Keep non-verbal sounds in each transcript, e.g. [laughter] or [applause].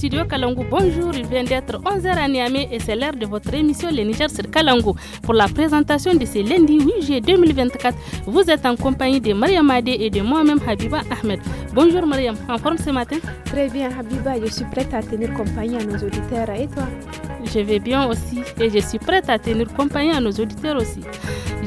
studio Bonjour, il vient d'être 11h à Niamey et c'est l'heure de votre émission Les Niger sur Kalangu. Pour la présentation de ce lundi 8 juillet 2024, vous êtes en compagnie de Mariam Adé et de moi-même Habiba Ahmed. Bonjour Mariam, en forme ce matin Très bien Habiba, je suis prête à tenir compagnie à nos auditeurs et toi Je vais bien aussi et je suis prête à tenir compagnie à nos auditeurs aussi.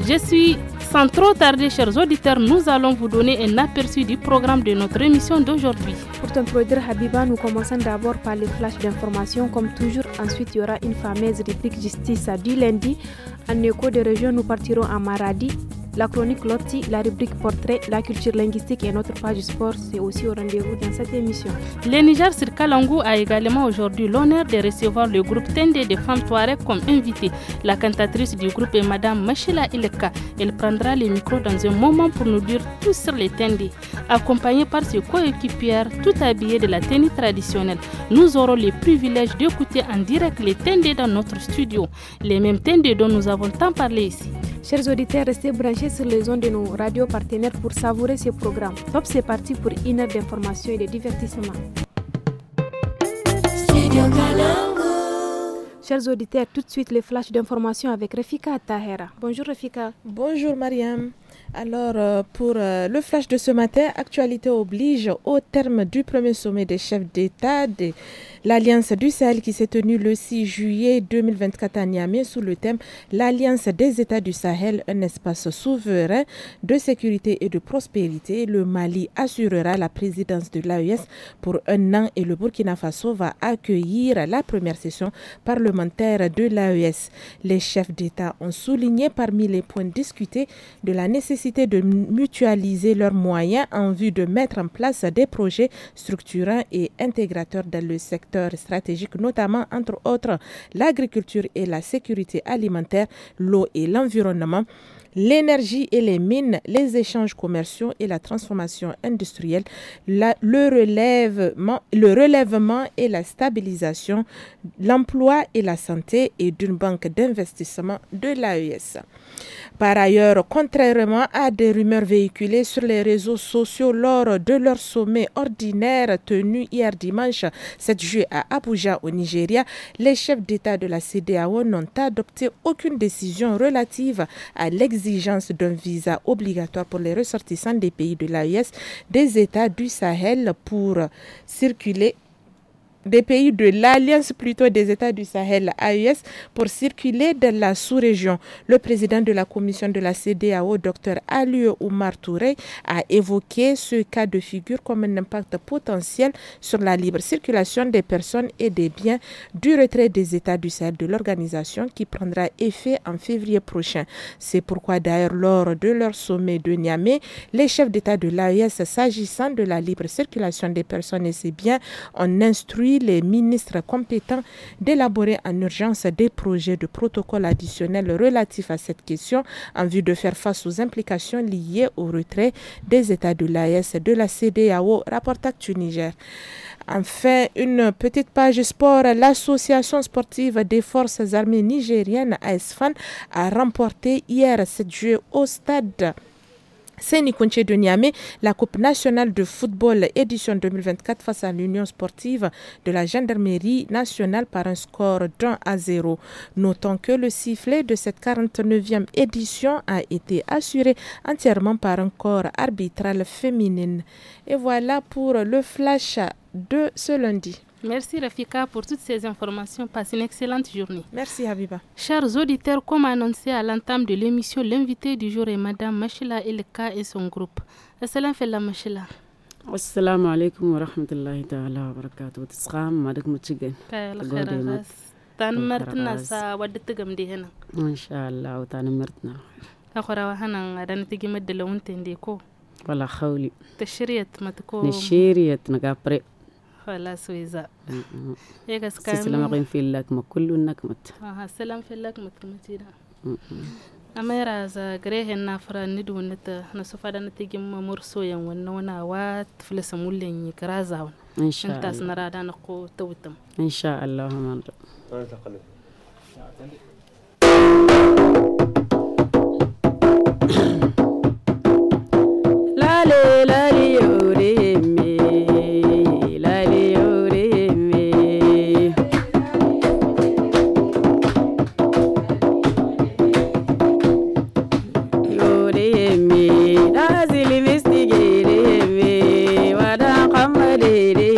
Je suis sans trop tarder, chers auditeurs, nous allons vous donner un aperçu du programme de notre émission d'aujourd'hui. Pour t'introduire, Habiba, nous commençons d'abord par les flashs d'informations. Comme toujours, ensuite, il y aura une fameuse réplique justice à du lundi. En écho des régions, nous partirons à Maradi la chronique Lotti, la rubrique Portrait, la culture linguistique et notre page sport, c'est aussi au rendez-vous dans cette émission. Le Niger sur a également aujourd'hui l'honneur de recevoir le groupe Tende des femmes Touareg comme invité. La cantatrice du groupe est Madame Machela Ileka. Elle prendra le micro dans un moment pour nous dire tout sur les Tende. Accompagnée par ses coéquipières, tout habillées de la tenue traditionnelle, nous aurons le privilège d'écouter en direct les Tende dans notre studio. Les mêmes Tende dont nous avons tant parlé ici. Chers auditeurs, restez branchés sur les ondes de nos radios partenaires pour savourer ce programme. Top, c'est parti pour une heure d'information et de divertissement. Chers auditeurs, tout de suite les flashs d'information avec Refika Tahera. Bonjour Refika. Bonjour Mariam. Alors, euh, pour euh, le flash de ce matin, actualité oblige au terme du premier sommet des chefs d'État de l'Alliance du Sahel qui s'est tenu le 6 juillet 2024 à Niamey sous le thème L'Alliance des États du Sahel, un espace souverain de sécurité et de prospérité. Le Mali assurera la présidence de l'AES pour un an et le Burkina Faso va accueillir la première session parlementaire de l'AES. Les chefs d'État ont souligné parmi les points discutés de la nécessité de mutualiser leurs moyens en vue de mettre en place des projets structurants et intégrateurs dans le secteur stratégique, notamment entre autres l'agriculture et la sécurité alimentaire, l'eau et l'environnement l'énergie et les mines, les échanges commerciaux et la transformation industrielle, le, le relèvement et la stabilisation, l'emploi et la santé et d'une banque d'investissement de l'AES. Par ailleurs, contrairement à des rumeurs véhiculées sur les réseaux sociaux lors de leur sommet ordinaire tenu hier dimanche 7 juillet à Abuja au Nigeria, les chefs d'État de la CDAO n'ont adopté aucune décision relative à l'exigence d'un visa obligatoire pour les ressortissants des pays de l'AIS e des États du Sahel pour circuler des pays de l'Alliance plutôt des États du Sahel, AES, pour circuler dans la sous-région. Le président de la commission de la CDAO, Dr Aliou Oumar Touré, a évoqué ce cas de figure comme un impact potentiel sur la libre circulation des personnes et des biens du retrait des États du Sahel de l'organisation qui prendra effet en février prochain. C'est pourquoi d'ailleurs lors de leur sommet de Niamey, les chefs d'État de l'AES s'agissant de la libre circulation des personnes et ses biens ont instruit les ministres compétents d'élaborer en urgence des projets de protocole additionnel relatifs à cette question en vue de faire face aux implications liées au retrait des États de et de la CDAO, rapporte Actu Niger. Enfin, une petite page sport. L'association sportive des forces armées nigériennes ASFAN e a remporté hier cette jeu au stade Sénikounché de Niamey, la Coupe nationale de football édition 2024 face à l'Union sportive de la gendarmerie nationale par un score d'un à 0. Notons que le sifflet de cette 49e édition a été assuré entièrement par un corps arbitral féminin. Et voilà pour le flash de ce lundi. Merci Rafika pour toutes ces informations. Passe une excellente journée. Merci Habiba. Chers auditeurs, comme annoncé à l'entame de l'émission, l'invité du jour est Madame Machila Elka et son groupe. Assalamu alaikum Machila. Assalamu alaikum wa rahmatullahi ta'ala wa barakatuh. Tisqam madak mutigen. tan martina sa wadda tigam hena. Insha tana tan martina. Akhara adan tigi madda lawunte ko. Wala khawli. Tashriyat matko. nga nagapre. ولا سويزا [laughs] هيك كان سلام غين في لك ما كل انك مت اه سلام في لك مت متيرا أميرا زا غريه النافرة ندو نت نسوفا دا نتيجي مرسو ين ونا وات فلس مولين يكرازاون إن شاء الله انت سنرا دا نقو توتم إن شاء الله من لا لا لا لي tererê.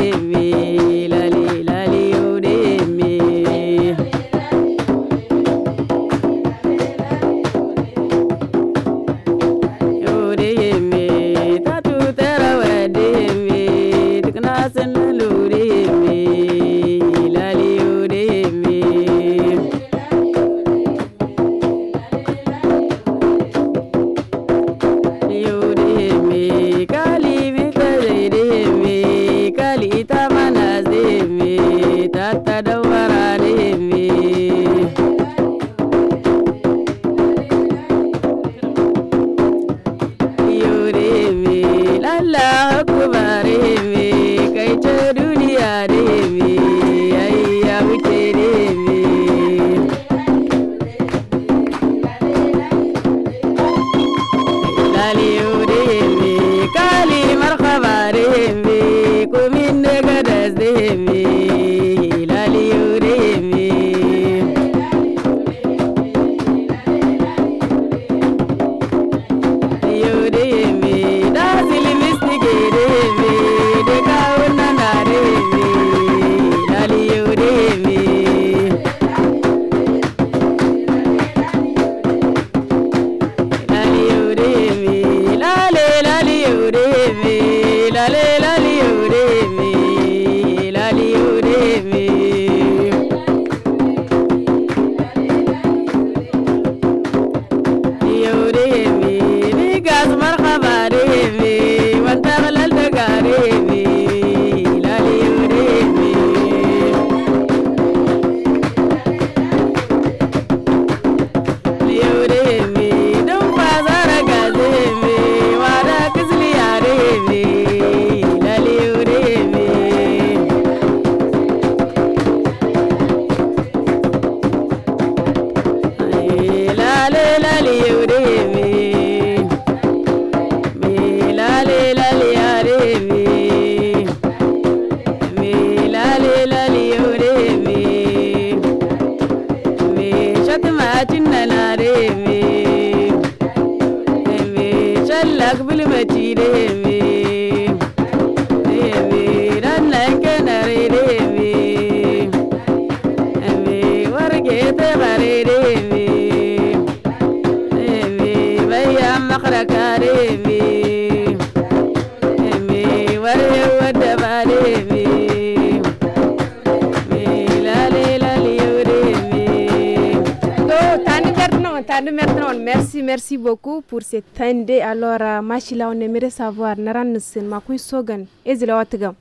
se Tande alors mashila on aimerait savoir naran sin ma kuy sogan ezila watgam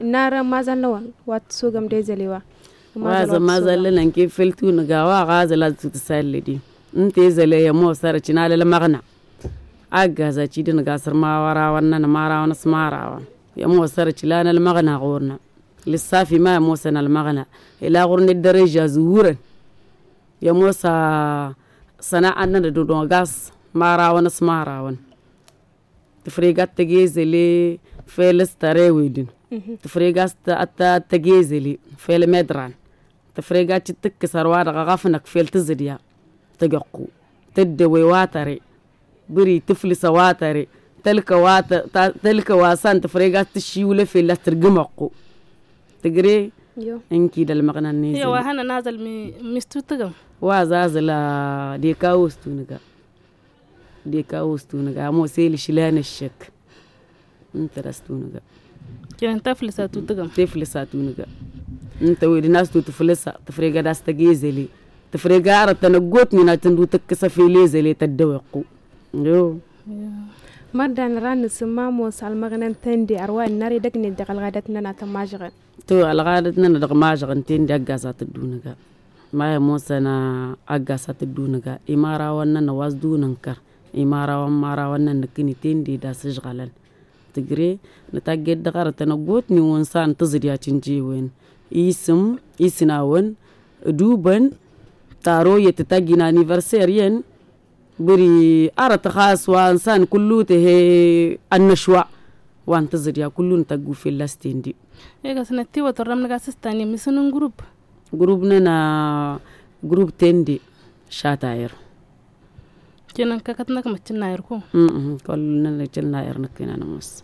nara mazal wa wat sogam de zeliwa waza mazal nan ke feltu na gawa gaza la tut sallidi nte zele ya mo sar china la magna aga za ci din ga sar mawara wannan mara smara wa ya mo sar cila na magna gorna lissafi ma ya mo sar al magna ila e gorni daraja zuhuran ya mo sa sana'an nan da dodon gas marawan is marawan tafriga tagezeli felis tarewidin tafriga atta tagezeli fel medran tafriga citik sarwada qafnak fel tizdiya tagaqu taddawe watare biri tiflisa watare talka wata talka wasan tafriga tishiwle fel tirgimaqu tigre انكي دل مغنى النيزل يا وانا نازل مستو تغم وازازل ديكاوستو نغا deka wostunaga amo seli shilana shak intarastunaga kiran taflisa tutugam taflisa tunaga inta wedi nas tu taflisa tafrega das tagezeli tafrega aratana gotni na tandu takasa felezeli tadawqu yo madan ran simamo salmagnan tendi arwa nari dagni dagalgadatna na tamajgan to algadatna na dagmajgan tendi agasa tadunaga maya mosana agasa tadunaga imara wannan na wasdunan kar imarawan marawan nan kini tendi da su jgalan tigre na ta gedda na got ni won san ta zidiya cin isim isinawan duban taro yete ta gina anniversaire yen biri arata khas wa san kullu te he annashwa wan ta zidiya kullu na gufi fillas ega sanati wa torram naga na na group tendi shatayero kinan kakatnak machinnaayirku kolnala jinnaayirnak kinanamas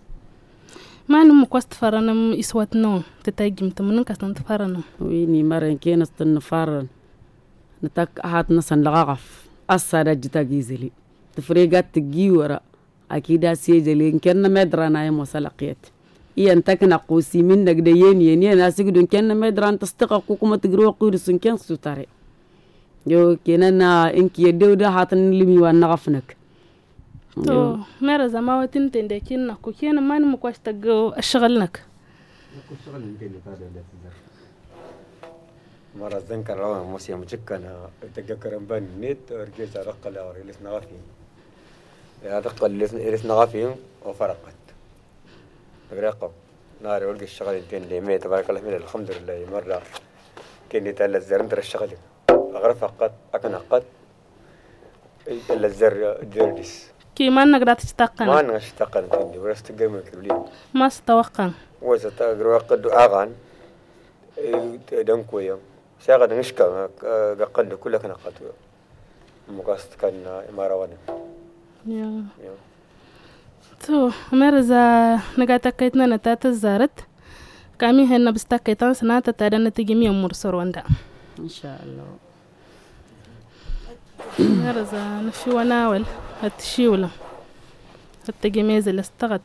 maanum mukwas tafaranam iswatno tataajimtamunin kasnan tafaranam wini maren kinas tannafaran natak ahat nasan lagaqaf asada jita gizeli tafreegat giwara akida siyejelen kenna medranaya mosalaqiyat iyan takna qusimin nagdayen yeniyan asigdun kenna medran tastiqa kukuma tigriwa qirisun ken sutare yo kenana inki ya deuda hatan limi wa nagafnak to mera zama watin tende kinna ko kena man mu kwashta go ashghalnak ko shghal ndeni kada da مرة ذنك روان موسيا مجكنا تذكر بان نت ورجعت رقة لور إليس نغافي رقة إليس نغافي وفرقت رقة ناري ولقى الشغل الدين اللي ميت تبارك الله من الحمد لله مرة كني تلا زرنت الشغل magarfa قد أكن قد إلا الزر jerdis كي ما نقدر تشتقن ما نقدر تشتقن تندي ولا استقيم كبلين ما استوقن وإذا تقدر قد دم دنكويا ساقد نشكا قد كل أكن قد مقصد كان إمارة تو مرزا نقاتا كيتنا نتاتا زارت كامي هنا بستا كيتان سنة تتادا نتيجي مية مرسور واندا إن شاء الله غرزة نفي وناول هتشيولة هتجميز اللي استغت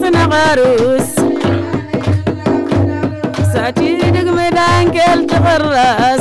سنغاروس ساتي دق مدان كل تفرس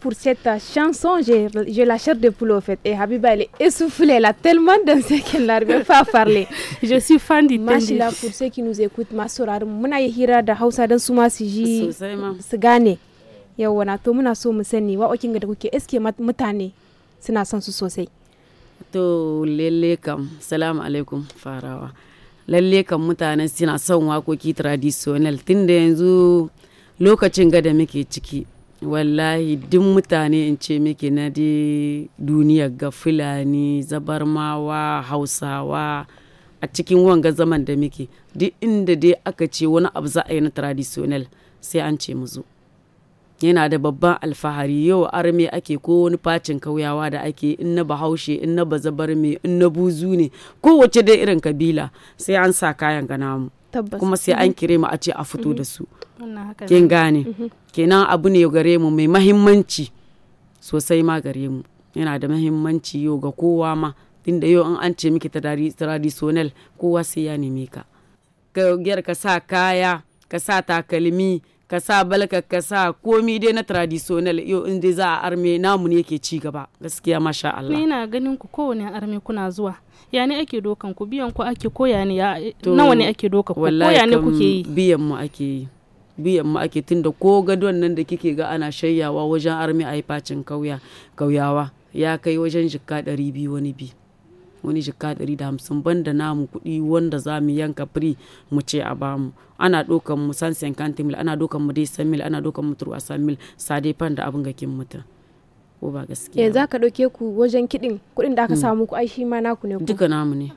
pour cette chanson. J'ai la chair de poule en fait. Et Habiba, elle est essoufflée. Elle a tellement dansé qu'elle n'arrive pas à parler. Je suis fan du Machila pour ceux qui nous écoutent, ma soeur, muna yi hira da Hausa don su ma su ji su gane. Yawwa na to muna so mu sani wa'okin da kuke eske mutane suna son su sosai. To lalle kam, salam alaikum farawa. Lalle kam mutane suna son wakoki traditional tunda yanzu lokacin gada muke ciki. wallahi duk mutane in ce miki na dai duniyar ga fulani zabarmawa hausawa a cikin wanga zaman da muke duk inda dai aka ce wani abu za a yi na traditional sai an ce muzo yana da babban alfahari yau arme ake ko wani facin kauyawa da ake in na bahaushe in na bazabarme in na buzu ne kowace dai irin kabila sai an sa kayan ganamu. kuma sai an mhm. kire mu a ce a fito da mhm. su kin gane mhm. kenan abu ne gare mu mai mahimmanci sosai ma gare mu yana da mahimmanci yau ga kowa ma tunda yau an an ce miki traditional kowa sai ya neme ka ka sa kaya ka sa takalmi ka sa balka ka sa komi dai na traditional yau in dai za a arme namu ne ke ci gaba gaskiya masha Allah ina ganin ku kowane arme kuna zuwa ya ne ake dokan ku biyan ku ake ko ya ne nawa ne ake doka ku ko ya ne kuke yi biyan mu ake yi biyan mu ake tunda ko gadon nan da kike ga ana shayyawa wajen arme a yi facin kauya kauyawa ya kai wajen jikka ɗari biyu wani biyu wani jika ban da namu kuɗi wanda za mu yanka firi mu ce a bamu ana ɗaukan mu san kanti mil ana ɗaukan mu dai san mil ana ɗaukan mu turu a san mil dai fan da abin gakin mutum ko ba gaskiya yanzu eh, aka ɗauke ku wajen kiɗin kuɗin da aka mm. samu ku ai shi ma naku ne ku duka namu ne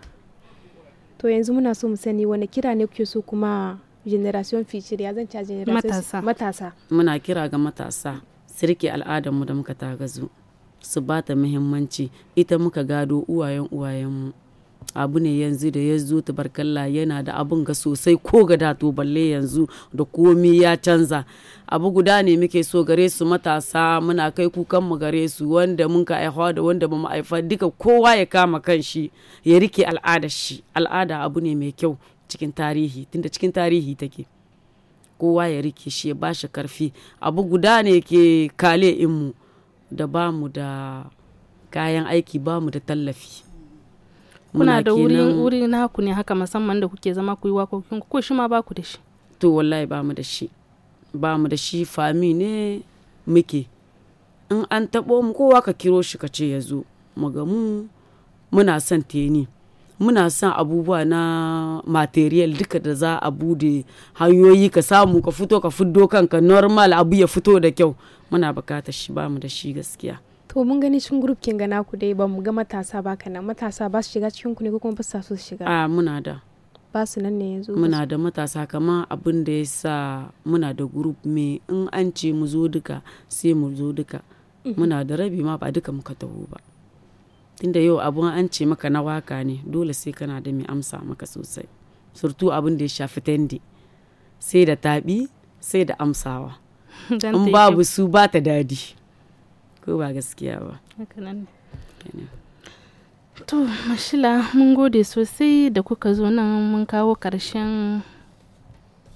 to yanzu muna so mu sani wani kira ne kuke so kuma generation future ya zanta generation matasa matasa muna kira ga matasa sirke al'adarmu da muka tagazu su ba ta muhimmanci ita muka gado uwayen uwayenmu abu ne yanzu da ya zo tabarkalla yana da abun ga sosai ko ga dato balle yanzu da komi ya canza abu guda ne muke so gare su matasa muna kai kukan mu gare su wanda mun ka aihuwa da wanda ba mu aifa duka kowa ya kama kan shi ya rike al'ada shi al'ada abu ne mai kyau cikin tarihi tunda cikin tarihi take kowa ya rike shi ya bashi karfi abu guda ne ke kale in mu da ba mu da kayan aiki ba mu da tallafi kuna da wuri naku ne haka musamman da kuke zama ku yi wakokin ko shi ma ba ku da shi to wallahi ba mu da shi ba mu da shi fami ne muke in an taɓo mu kowa ka kiro shi ka ce ya zo mu mu muna son teni muna son abubuwa na material duka da za a bude hanyoyi ka samu ka fito ka fiddo kanka normal abu ya fito da kyau muna bukatar shi bamu da shi gaskiya to mun gani cikin group kin gana ku dai ba mu ga matasa ba kana matasa ba su shiga cikin ku ne ko kuma ba su so su shiga a muna da ba su nan ne yanzu muna da matasa kama abin da ya sa muna da group me in an ce mu zo duka sai mu zo duka mhm. muna da rabi ma ba duka muka taho ba tunda yau abun an ce maka na waka ne dole sai kana da mai amsa maka sosai surtu abin da ya shafi tende sai da tabi sai da amsawa [laughs] in babu su ba ta dadi ko ba gaskiya ba to mashila mun gode sosai da kuka zo nan mun kawo karshen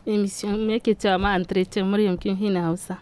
emission me yake cewa ma entretien muryam kin hina hausa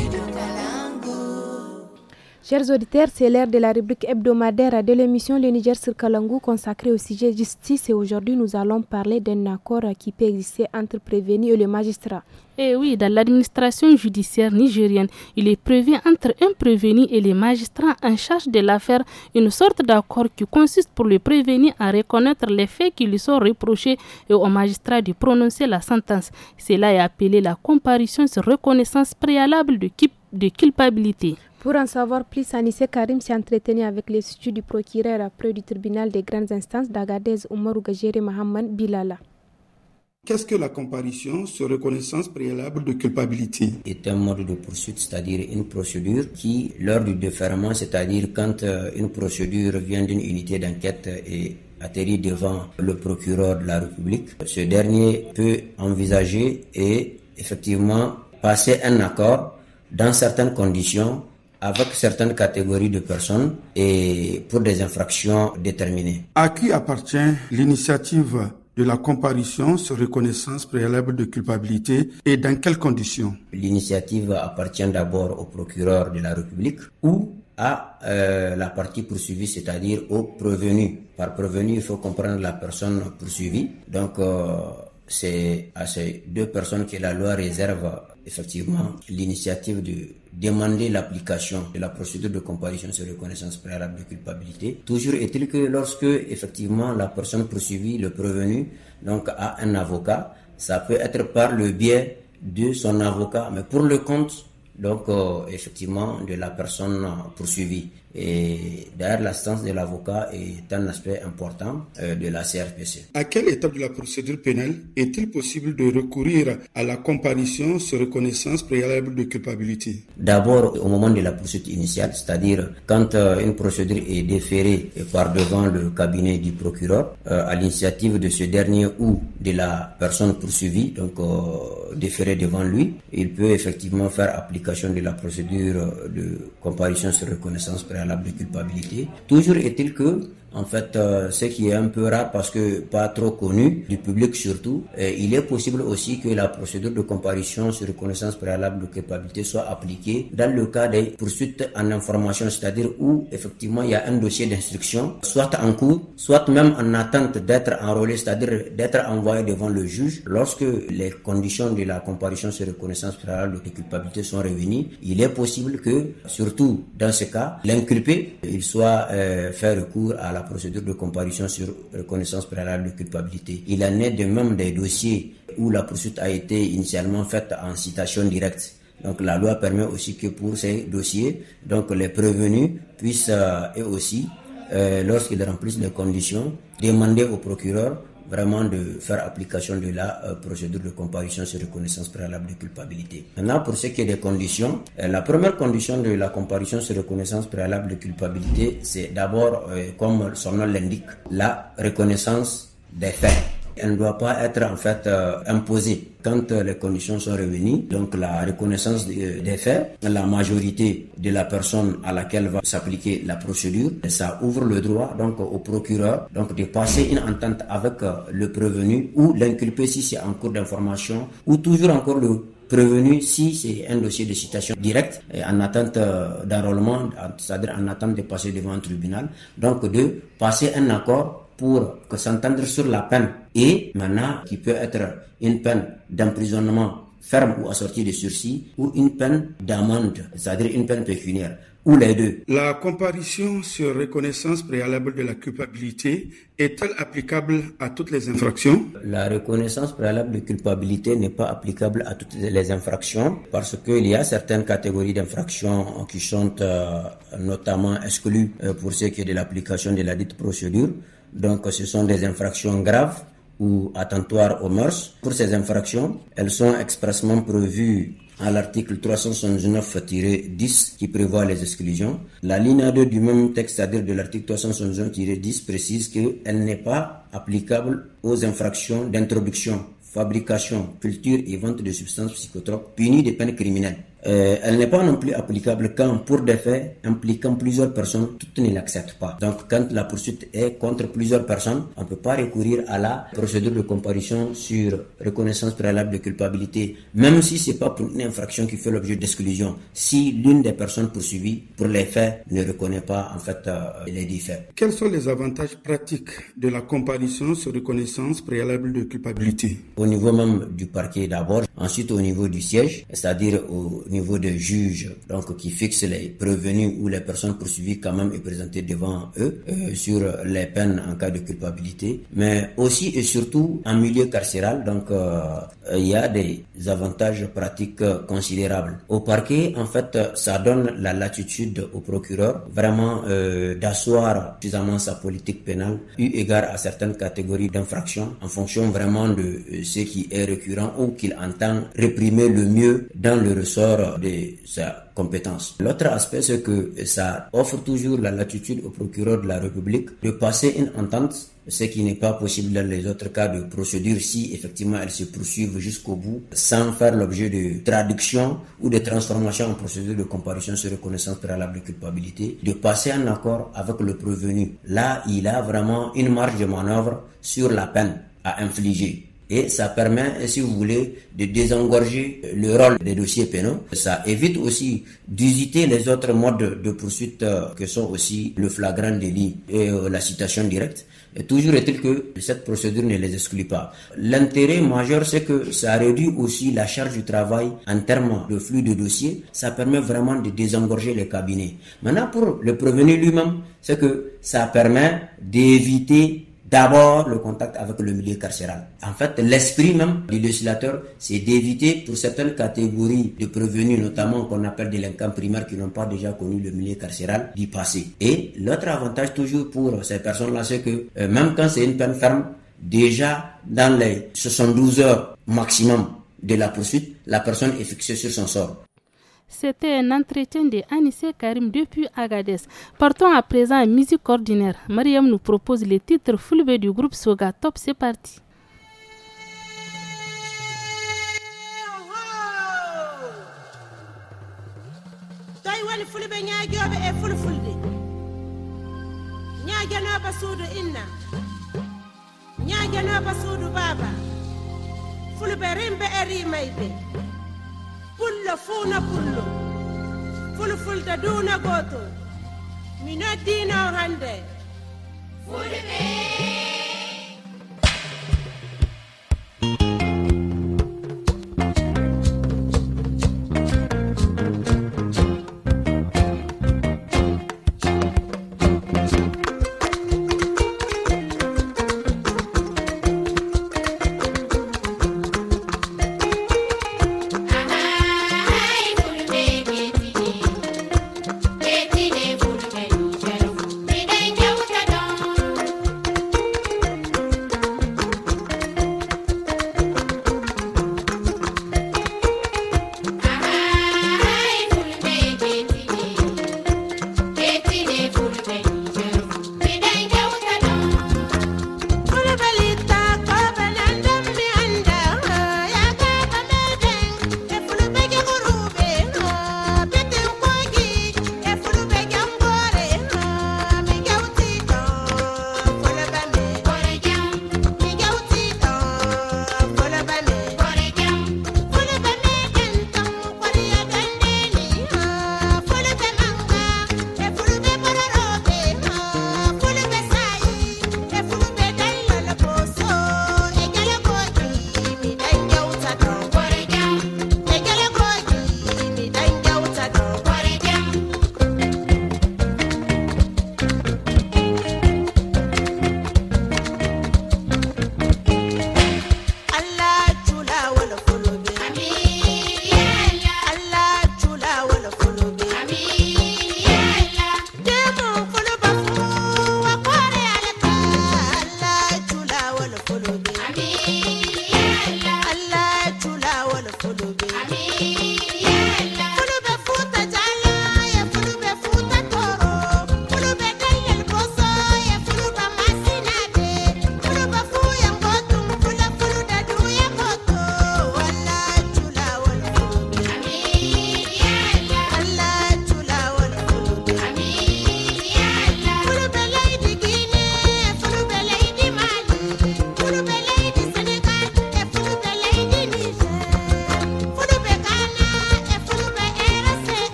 Chers auditeurs, c'est l'heure de la rubrique hebdomadaire de l'émission Le Niger sur Kalangu consacrée au sujet justice et aujourd'hui nous allons parler d'un accord qui peut exister entre prévenu et le magistrat. Eh oui, dans l'administration judiciaire nigérienne, il est prévu entre un prévenu et les magistrats en charge de l'affaire une sorte d'accord qui consiste pour le prévenu à reconnaître les faits qui lui sont reprochés et au magistrat de prononcer la sentence. Cela est appelé la comparution sur reconnaissance préalable de culpabilité. Pour en savoir plus, Anissé Karim s'est entretenu avec les du procureur après du tribunal des grandes instances d'Agadez Omar Ougajere Mohamed Bilala. Qu'est-ce que la comparution sur reconnaissance préalable de culpabilité C'est un mode de poursuite, c'est-à-dire une procédure qui, lors du déferment, c'est-à-dire quand euh, une procédure vient d'une unité d'enquête et atterrit devant le procureur de la République, ce dernier peut envisager et effectivement passer un accord dans certaines conditions avec certaines catégories de personnes et pour des infractions déterminées. À qui appartient l'initiative de la comparution sur reconnaissance préalable de culpabilité et dans quelles conditions L'initiative appartient d'abord au procureur de la République ou à euh, la partie poursuivie, c'est-à-dire au prévenu. Par prévenu, il faut comprendre la personne poursuivie. Donc, euh, c'est à ces deux personnes que la loi réserve effectivement l'initiative du demander l'application de la procédure de comparution sur reconnaissance préalable de culpabilité. Toujours est-il que lorsque effectivement la personne poursuivie, le prévenu, donc a un avocat, ça peut être par le biais de son avocat, mais pour le compte donc euh, effectivement de la personne poursuivie. Et d'ailleurs, l'assistance de l'avocat est un aspect important euh, de la CRPC. À quelle étape de la procédure pénale est-il possible de recourir à la comparution sur reconnaissance préalable de culpabilité D'abord, au moment de la poursuite initiale, c'est-à-dire quand euh, une procédure est déférée par devant le cabinet du procureur, euh, à l'initiative de ce dernier ou de la personne poursuivie, donc déférée devant lui, il peut effectivement faire application de la procédure de comparution sur reconnaissance préalable على بيك الببليكي توجر اتلك En fait, euh, ce qui est un peu rare parce que pas trop connu du public surtout, il est possible aussi que la procédure de comparution sur reconnaissance préalable de culpabilité soit appliquée dans le cas des poursuites en information, c'est-à-dire où effectivement il y a un dossier d'instruction, soit en cours, soit même en attente d'être enrôlé, c'est-à-dire d'être envoyé devant le juge. Lorsque les conditions de la comparution sur reconnaissance préalable de culpabilité sont réunies, il est possible que, surtout dans ce cas, l'inculpé, il soit euh, fait recours à la la procédure de comparution sur reconnaissance préalable de culpabilité. Il en est de même des dossiers où la poursuite a été initialement faite en citation directe. Donc la loi permet aussi que pour ces dossiers, donc les prévenus puissent euh, et aussi, euh, lorsqu'ils remplissent les conditions, demander au procureur vraiment de faire application de la euh, procédure de comparution sur reconnaissance préalable de culpabilité. Maintenant, pour ce qui est des conditions, euh, la première condition de la comparution sur reconnaissance préalable de culpabilité, c'est d'abord, euh, comme son nom l'indique, la reconnaissance des faits. Elle ne doit pas être en fait euh, imposée. Quand euh, les conditions sont réunies, donc la reconnaissance des faits, la majorité de la personne à laquelle va s'appliquer la procédure, ça ouvre le droit donc au procureur donc de passer une entente avec euh, le prévenu ou l'inculpé si c'est en cours d'information ou toujours encore le prévenu si c'est un dossier de citation directe et en attente d'enrôlement, c'est-à-dire en attente de passer devant un tribunal, donc de passer un accord pour que s'entendre sur la peine et maintenant qui peut être une peine d'emprisonnement ferme ou assortie de sursis ou une peine d'amende, c'est-à-dire une peine pécuniaire. Ou les deux. La comparution sur reconnaissance préalable de la culpabilité est-elle applicable à toutes les infractions La reconnaissance préalable de culpabilité n'est pas applicable à toutes les infractions parce qu'il y a certaines catégories d'infractions qui sont euh, notamment exclues euh, pour ce qui est de l'application de la dite procédure. Donc ce sont des infractions graves ou attentatoires aux mœurs. Pour ces infractions, elles sont expressément prévues à l'article 369-10 qui prévoit les exclusions. La ligne 2 du même texte, c'est-à-dire de l'article 369-10, précise qu'elle n'est pas applicable aux infractions d'introduction, fabrication, culture et vente de substances psychotropes punies de peines criminelles. Euh, elle n'est pas non plus applicable quand, pour des faits impliquant plusieurs personnes, toutes ne l'acceptent pas. Donc, quand la poursuite est contre plusieurs personnes, on ne peut pas recourir à la procédure de comparution sur reconnaissance préalable de culpabilité, même si ce n'est pas pour une infraction qui fait l'objet d'exclusion. Si l'une des personnes poursuivies pour les faits ne reconnaît pas, en fait, euh, les dix faits. Quels sont les avantages pratiques de la comparution sur reconnaissance préalable de culpabilité Au niveau même du parquet d'abord, ensuite au niveau du siège, c'est-à-dire au niveau de juges, donc qui fixe les prévenus ou les personnes poursuivies quand même et présentées devant eux euh, sur les peines en cas de culpabilité, mais aussi et surtout en milieu carcéral, donc euh, il y a des avantages pratiques considérables. Au parquet, en fait, ça donne la latitude au procureur vraiment euh, d'asseoir suffisamment sa politique pénale eu égard à certaines catégories d'infractions en fonction vraiment de ce qui est récurrent ou qu'il entend réprimer le mieux dans le ressort de sa compétence. L'autre aspect, c'est que ça offre toujours la latitude au procureur de la République de passer une entente, ce qui n'est pas possible dans les autres cas de procédure si effectivement elles se poursuivent jusqu'au bout sans faire l'objet de traduction ou de transformation en procédure de comparution sur reconnaissance préalable de culpabilité, de passer un accord avec le prévenu. Là, il a vraiment une marge de manœuvre sur la peine à infliger et ça permet, si vous voulez, de désengorger le rôle des dossiers pénaux. Ça évite aussi d'usiter les autres modes de poursuite euh, que sont aussi le flagrant délit et euh, la citation directe. Et toujours est-il que cette procédure ne les exclut pas. L'intérêt majeur, c'est que ça réduit aussi la charge du travail en termes de flux de dossiers. Ça permet vraiment de désengorger les cabinets. Maintenant, pour le prévenu lui-même, c'est que ça permet d'éviter d'abord le contact avec le milieu carcéral. En fait, l'esprit même du législateur, c'est d'éviter pour certaines catégories de prévenus, notamment qu'on appelle délinquants primaires qui n'ont pas déjà connu le milieu carcéral d'y passer. Et l'autre avantage toujours pour ces personnes-là, c'est que euh, même quand c'est une peine ferme, déjà dans les 72 heures maximum de la poursuite, la personne est fixée sur son sort. C'était un entretien de Anissé Karim depuis Agadez. Partons à présent à musique ordinaire. Mariam nous propose les titres Fulbe du groupe Soga Top. C'est parti. Nyaa fulɓe e fulfulde inna suudu baaba fulɓe Rimbe e rimayɓe تتخلفون كله فلفل تدون قوتو من الدين وهندي فول بيه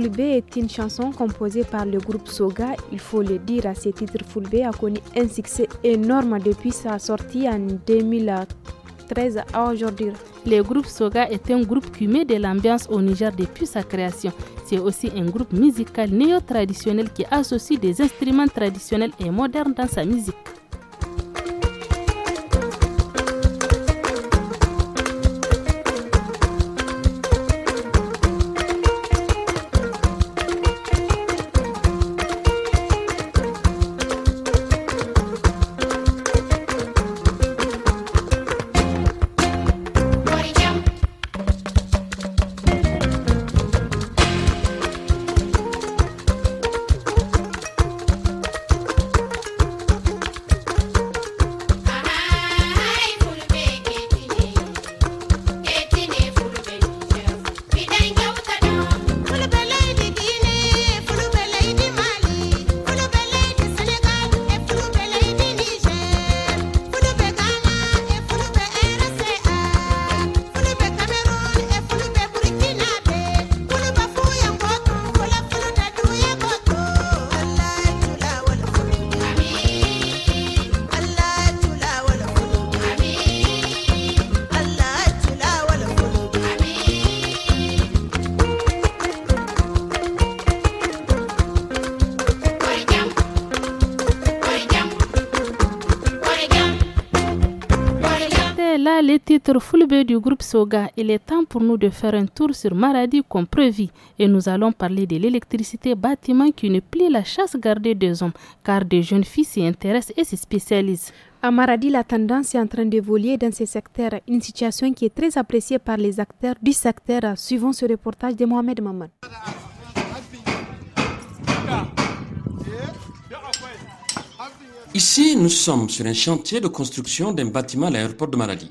Fulbe est une chanson composée par le groupe Soga. Il faut le dire, à ce titre, Fulbe a connu un succès énorme depuis sa sortie en 2013 à aujourd'hui. Le groupe Soga est un groupe qui met de l'ambiance au Niger depuis sa création. C'est aussi un groupe musical néo-traditionnel qui associe des instruments traditionnels et modernes dans sa musique. titre Fulbe du groupe Soga, il est temps pour nous de faire un tour sur Maradi comme prévu et nous allons parler de l'électricité bâtiment qui ne plaît la chasse gardée des hommes car des jeunes filles s'y intéressent et s'y spécialisent. À Maradi, la tendance est en train d'évoluer dans ces secteurs, une situation qui est très appréciée par les acteurs du secteur, suivant ce reportage de Mohamed Maman. Ici, nous sommes sur un chantier de construction d'un bâtiment à l'aéroport de Maradi.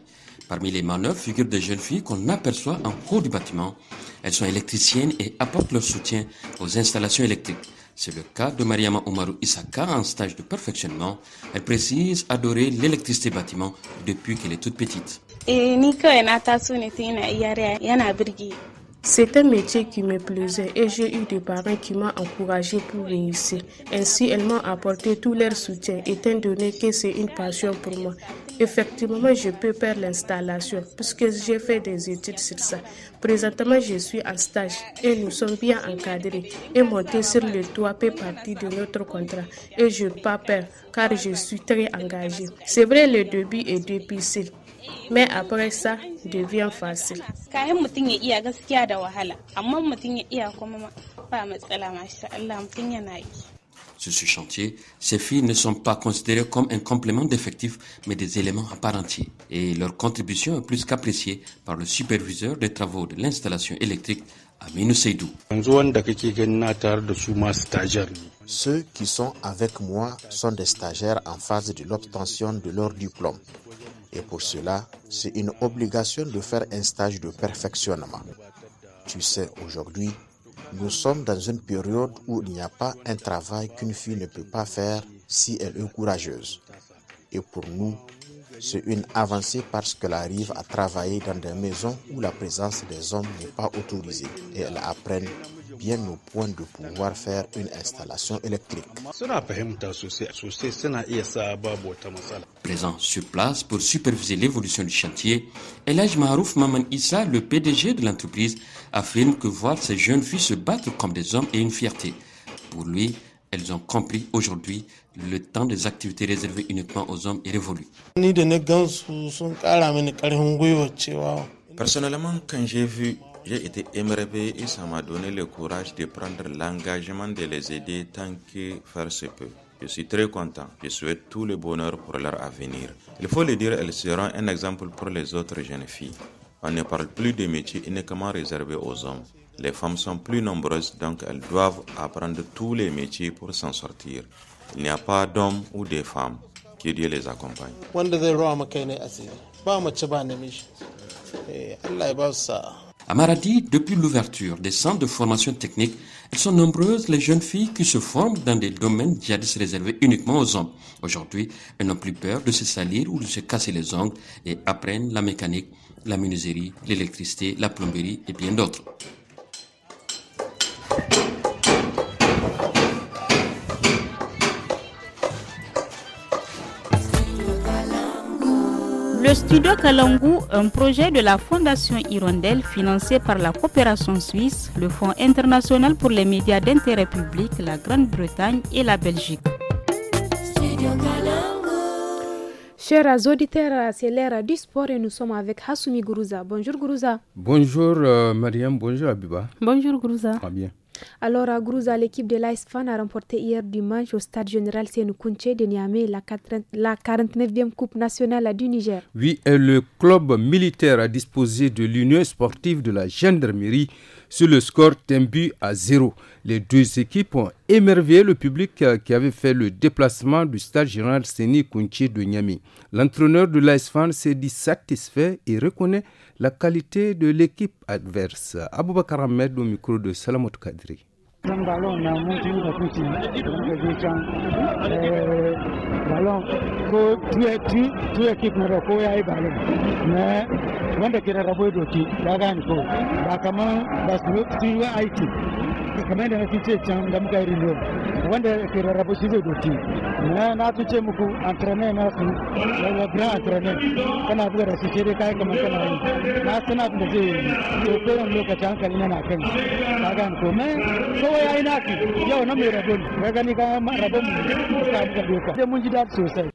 Parmi les manœuvres figurent des jeunes filles qu'on aperçoit en haut du bâtiment. Elles sont électriciennes et apportent leur soutien aux installations électriques. C'est le cas de Mariama Omaru Isaka en stage de perfectionnement. Elle précise adorer l'électricité bâtiment depuis qu'elle est toute petite. Eh, c'est un métier qui me plaisait et j'ai eu des parents qui m'ont encouragé pour réussir. Ainsi, elles m'ont apporté tout leur soutien, étant donné que c'est une passion pour moi. Effectivement, je peux faire l'installation puisque j'ai fait des études sur ça. Présentement, je suis en stage et nous sommes bien encadrés. Et monter sur le toit fait partie de notre contrat. Et je n'ai pas peur car je suis très engagé. C'est vrai, le début est difficile mais après ça devient facile Sur ce chantier, ces filles ne sont pas considérées comme un complément d'effectif, mais des éléments à part entière. Et leur contribution est plus qu'appréciée par le superviseur des travaux de l'installation électrique, à Seydou. Ceux qui sont avec moi sont des stagiaires en phase de l'obtention de leur diplôme. Et pour cela, c'est une obligation de faire un stage de perfectionnement. Tu sais, aujourd'hui, nous sommes dans une période où il n'y a pas un travail qu'une fille ne peut pas faire si elle est courageuse. Et pour nous, c'est une avancée parce qu'elle arrive à travailler dans des maisons où la présence des hommes n'est pas autorisée et elle apprend bien au point de pouvoir faire une installation électrique. Présent sur place pour superviser l'évolution du chantier, Elaj Maharouf Maman Issa, le PDG de l'entreprise, affirme que voir ces jeunes filles se battre comme des hommes est une fierté. Pour lui, elles ont compris aujourd'hui le temps des activités réservées uniquement aux hommes est révolu. Personnellement, quand j'ai vu j'ai été émerveillé et ça m'a donné le courage de prendre l'engagement de les aider tant que faire se peut. Je suis très content. Je souhaite tout le bonheur pour leur avenir. Il faut le dire, elles seront un exemple pour les autres jeunes filles. On ne parle plus de métiers uniquement réservés aux hommes. Les femmes sont plus nombreuses, donc elles doivent apprendre tous les métiers pour s'en sortir. Il n'y a pas d'hommes ou de femmes. Que Dieu les accompagne. À Maradi, depuis l'ouverture des centres de formation technique, elles sont nombreuses les jeunes filles qui se forment dans des domaines jadis réservés uniquement aux hommes. Aujourd'hui, elles n'ont plus peur de se salir ou de se casser les ongles et apprennent la mécanique, la menuiserie, l'électricité, la plomberie et bien d'autres. Le studio Kalangu, un projet de la Fondation Hirondelle financé par la coopération suisse, le Fonds international pour les médias d'intérêt public, la Grande-Bretagne et la Belgique. Chers auditeurs, c'est l'ère du sport et nous sommes avec Hasumi Gourouza. Bonjour Gourouza. Bonjour euh, Mariam, bonjour Abiba. Bonjour Gourouza. Très ah, bien. Alors, à Grouza, l'équipe de l'AS Fan a remporté hier dimanche au stade général Séné-Kountché de Niamey la, 49e Coupe nationale du Niger. Oui, et le club militaire a disposé de l'Union sportive de la gendarmerie sur le score d'un but à zéro. Les deux équipes ont émerveillé le public euh, qui avait fait le déplacement du stade général Séné-Kountché de Niamey. L'entraîneur de l'AS Fan s'est dit satisfait et reconnaît la qualité de l'équipe adverse. Aboubacar Ahmed au micro de Salamot Kadri. kamar yadda na ce can da muka yi rindo wanda ke rarrabu shi zai doki na tun ce muku antrane na su da grand antrane kana buga da su sai dai kai kamar kana yi na san abin da zai yi to kowane lokaci hankali na kan ka gane ko me kowa yayi naki yau na mai rabon ka gani ga rabon mu ka buga doka sai mun ji daɗi sosai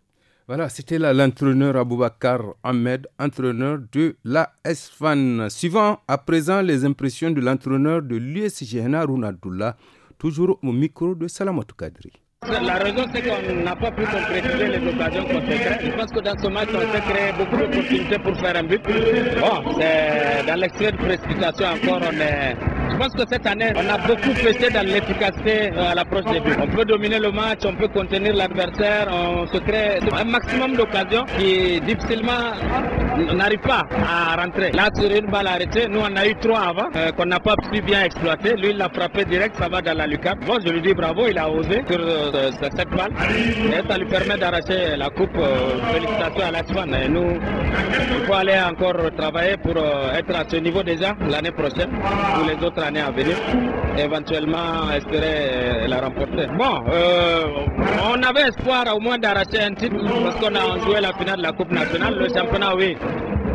Voilà, c'était là l'entraîneur Aboubakar Ahmed, entraîneur de la SFAN. Suivant à présent les impressions de l'entraîneur de l'USGNA, Rounadoula, toujours au micro de Salamatou Kadri. La raison, c'est qu'on n'a pas pu concrétiser les occasions qu'on s'est créées. Je pense que dans ce match, on s'est créé beaucoup d'opportunités pour faire un but. Bon, c'est dans l'extrait de précipitation encore, on est je pense que cette année, on a beaucoup pressé dans l'efficacité euh, à l'approche des buts. On peut dominer le match, on peut contenir l'adversaire, on se crée un maximum d'occasions qui difficilement n'arrive pas à rentrer. Là, sur une balle arrêtée, nous on a eu trois avant euh, qu'on n'a pas pu bien exploiter. Lui, il l'a frappé direct, ça va dans la lucarne. Moi, je lui dis bravo, il a osé sur euh, cette balle. Et ça lui permet d'arracher la coupe. félicitations à la nous, il faut aller encore travailler pour être à ce niveau déjà l'année prochaine année à venir, éventuellement espérer euh, la remporter. Bon, euh, on avait espoir au moins d'arracher un titre parce qu'on a joué la finale de la Coupe nationale, le championnat oui.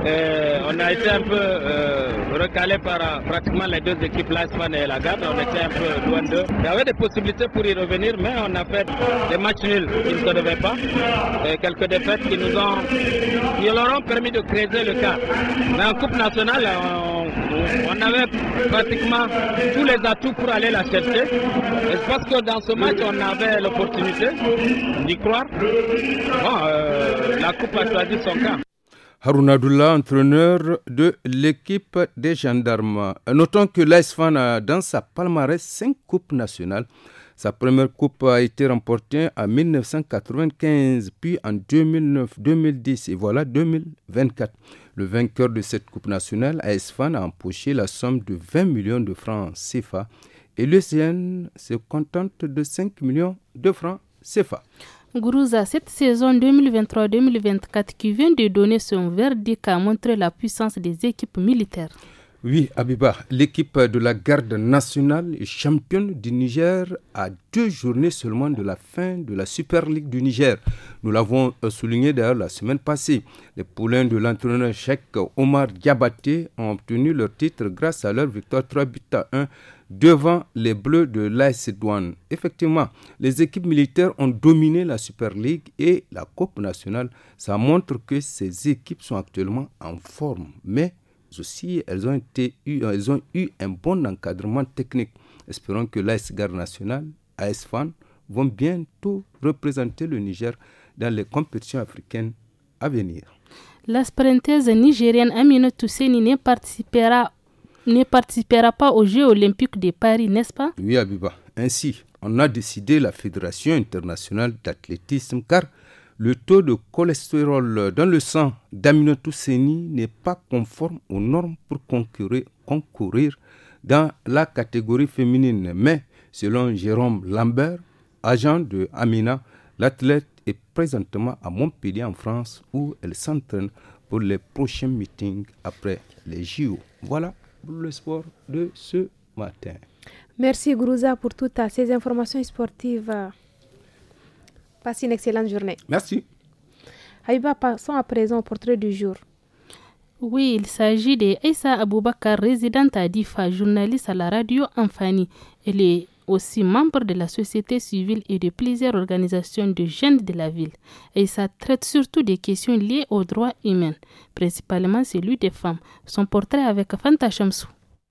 Euh, on a été un peu euh, recalé par euh, pratiquement les deux équipes, l'Asman et la Garde. On était un peu loin d'eux. Il y avait des possibilités pour y revenir, mais on a fait des matchs nuls qui ne se devaient pas. Et quelques défaites qui nous ont, qui leur ont permis de créer le cas. Mais en Coupe nationale, on, avait pratiquement tous les atouts pour aller la chercher. Et je pense que dans ce match, on avait l'opportunité d'y croire. Bon, la Coupe a choisi son cas adoula entraîneur de l'équipe des gendarmes. Notons que l'ASFAN a dans sa palmarès cinq coupes nationales. Sa première coupe a été remportée en 1995, puis en 2009, 2010 et voilà 2024. Le vainqueur de cette coupe nationale, ASFAN, a empoché la somme de 20 millions de francs CFA et l'UCN se contente de 5 millions de francs CFA. Gourouza, cette saison 2023-2024 qui vient de donner son verdict a montré la puissance des équipes militaires. Oui, Abiba, l'équipe de la garde nationale est championne du Niger à deux journées seulement de la fin de la Super League du Niger. Nous l'avons euh, souligné d'ailleurs la semaine passée. Les poulains de l'entraîneur tchèque Omar Diabaté ont obtenu leur titre grâce à leur victoire 3 buts à 1 devant les Bleus de l'AS Douane. Effectivement, les équipes militaires ont dominé la Super League et la Coupe nationale. Ça montre que ces équipes sont actuellement en forme, mais aussi elles ont, ont eu un bon encadrement technique. Espérons que l'AS Garde nationale, AS Fan, vont bientôt représenter le Niger dans les compétitions africaines à venir. La sprinteuse nigérienne Amino Toussenine participera ne participera pas aux Jeux olympiques de Paris, n'est-ce pas Oui, Abiba. Ainsi, on a décidé la Fédération internationale d'athlétisme car le taux de cholestérol dans le sang Tousseni n'est pas conforme aux normes pour concourir, concourir dans la catégorie féminine. Mais selon Jérôme Lambert, agent de Amina, l'athlète est présentement à Montpellier en France où elle s'entraîne pour les prochains meetings après les JO. Voilà pour le sport de ce matin. Merci Grouza pour toutes ces informations sportives. Passez une excellente journée. Merci. Aïba, passons à présent au portrait du jour. Oui, il s'agit de Aïssa Aboubakar, résidente à Difa, journaliste à la radio Amfani. Elle est aussi membre de la société civile et de plusieurs organisations de jeunes de la ville. Et ça traite surtout des questions liées aux droits humains, principalement celui des femmes. Son portrait avec Fanta Chamsou.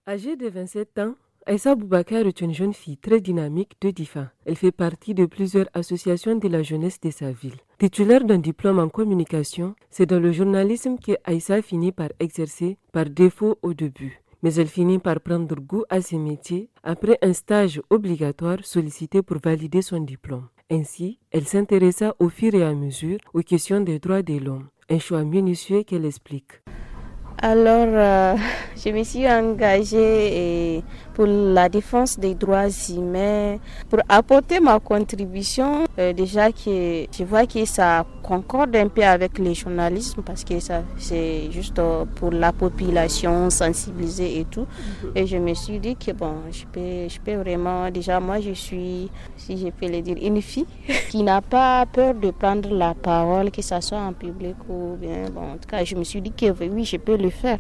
Âgée de 27 ans, Aïssa Boubacar est une jeune fille très dynamique de Difa. Elle fait partie de plusieurs associations de la jeunesse de sa ville. Titulaire d'un diplôme en communication, c'est dans le journalisme que Aïssa finit par exercer par défaut au début mais elle finit par prendre goût à ce métier après un stage obligatoire sollicité pour valider son diplôme. Ainsi, elle s'intéressa au fur et à mesure aux questions des droits de l'homme, un choix minutieux qu'elle explique. Alors, euh, [laughs] je me suis engagée pour la défense des droits humains, pour apporter ma contribution. Euh, déjà que je vois que ça concorde un peu avec le journalisme parce que ça c'est juste euh, pour la population sensibilisée et tout. Et je me suis dit que bon, je peux, je peux vraiment. Déjà, moi, je suis, si je peux le dire, une fille [laughs] qui n'a pas peur de prendre la parole, que ça soit en public ou bien. en tout cas, je me suis dit que oui, je peux le faire.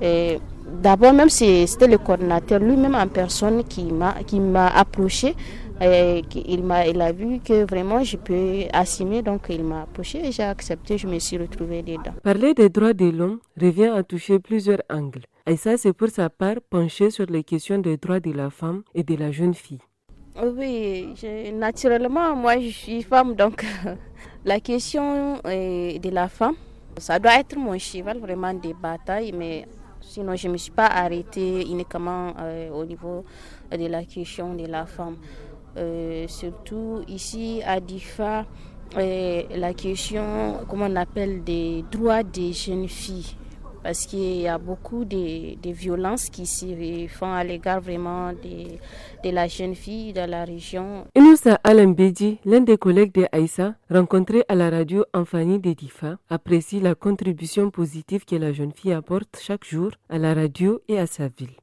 Et d'abord, même si c'était le coordinateur lui-même en personne qui m'a, qui m'a approché, et il, m'a, il a vu que vraiment je peux assumer, donc il m'a approché et j'ai accepté, je me suis retrouvée dedans. Parler des droits de l'homme revient à toucher plusieurs angles. Et ça, c'est pour sa part pencher sur les questions des droits de la femme et de la jeune fille. Oui, naturellement, moi je suis femme, donc [laughs] la question de la femme ça doit être mon cheval, vraiment des batailles, mais sinon je ne me suis pas arrêtée uniquement euh, au niveau de la question de la femme. Euh, surtout ici à Difa, euh, la question, comment on appelle, des droits des jeunes filles parce qu'il y a beaucoup de, violences qui se font à l'égard vraiment de, la jeune fille dans la région. Inoussa Alambedi, l'un des collègues de Aïssa, rencontré à la radio en d'Edifa, apprécie la contribution positive que la jeune fille apporte chaque jour à la radio et à sa ville.